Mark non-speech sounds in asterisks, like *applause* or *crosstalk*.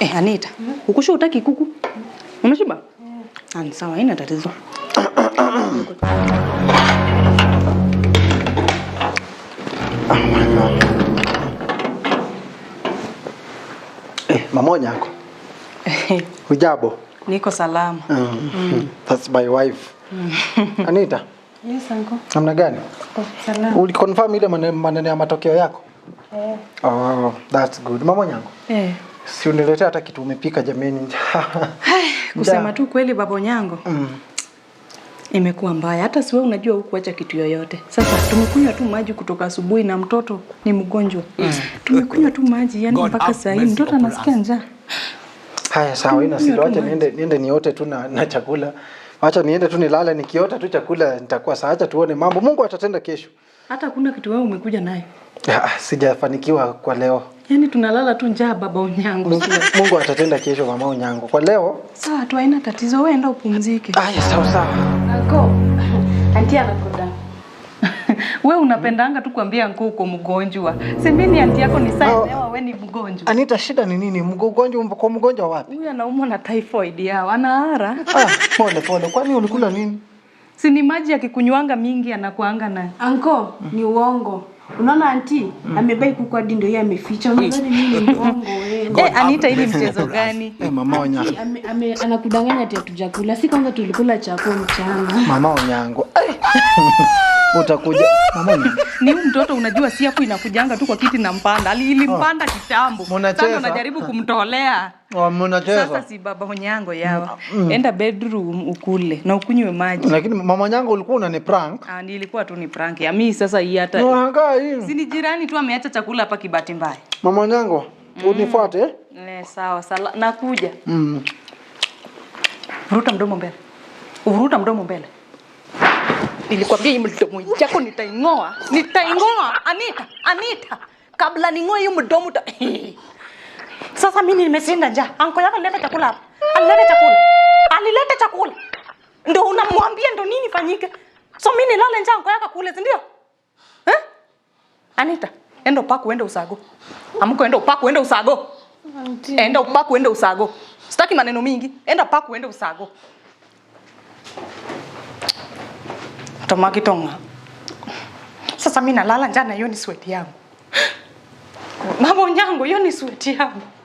Eh, Anita, ukusha utaki kuku? Umeshiba? Ani ah, sawa, haina tatizo. Eh, mamoja yako. *laughs* ujabo? Niko salama. Ah, mm. That's my wife. Mm. *laughs* Anita. Yes, uncle. Namna gani? Oh, salama. Uliconfirm ile maneno ya matokeo yako? Eh. Oh, that's good. Mamoja yako. Eh. Si uniletea hata kitu umepika jameni. Hai, *laughs* kusema tu kweli baba nyango. Mm. Imekuwa mbaya hata siwe unajua hukuacha kitu yoyote. Sasa tumekunywa tu maji kutoka asubuhi na mtoto ni mgonjwa. Mm. Tumekunywa tu maji yani mpaka saa hii mtoto anasikia njaa. Haya sawa, ina siri, acha niende niende niote tu na, na chakula. Acha niende tu nilale, nikiota tu chakula nitakuwa saa. Acha tuone mambo, Mungu atatenda kesho. Hata kuna kitu wewe umekuja naye? Ah, sijafanikiwa kwa leo. Yaani tunalala tu njaa baba unyango. Mungu atatenda kesho mama unyangu Kwa leo sawa tu haina tatizo. Wewe enda upumzike. Aya sawa sawa. Anko. Auntie anakoda. *laughs* Wewe unapendanga tu kuambia anko uko mgonjwa. Si anti auntie yako ni sawa oh. leo wewe ni mgonjwa. Anita, shida ni nini? Mgonjwa kwa mgonjwa wapi? Huyu anaumwa na typhoid yao. Anaara. Ah, pole pole. Kwani ulikula nini? Si ni maji akikunywanga mingi anakuanga na Anko, ni uongo. Unaona anti mm. amebai kuku hadi ndio yeye ameficha. Unadhani mimi ni mwongo wewe? *laughs* Eh, Anita hili mchezo gani? *laughs* Eh, mama Onyango. Anakudanganya ati hatujakula. Si kwanza tulikula chakula mchana. Mama Onyango. *laughs* Utakuja *laughs* ni mtoto unajua, si hapo inakujanga tu kwa kiti na mpanda, ilimpanda oh, kitambo sana, anajaribu kumtolea oh, sasa si baba mnyango yao mm, mm. Enda bedroom ukule na ukunywe maji. Lakini mama nyango ulikuwa ni prank? Ah, nilikuwa tu ni prank ya mimi. Sasa hii hata si ni jirani tu ameacha chakula hapa kibati mbaya. Mama nyango mm. unifuate eh? Ne, sawa sala nakuja mm. mdomo mbele, uvuruta mdomo mbele Nilikwambia hii mdomo yako nitaing'oa, nitaing'oa. Anita, Anita, kabla ning'oe hii mdomo ta... *laughs* Sasa mimi nimesinda nja Anko yako alileta chakula hapa, alileta chakula, alileta chakula, ndio unamwambia ndio nini fanyike? So mimi nilale nja anko yako kule, ndio eh? Anita, endo upaku, uende usago. Amko, endo upaku, uende usago. Enda upaku, uende usago. Sitaki maneno mingi, enda upaku, uende usago. Tamaki tonga. Sasa mimi nalala njana, hiyo ni sweti yangu. Mama nyangu, hiyo ni sweti yangu.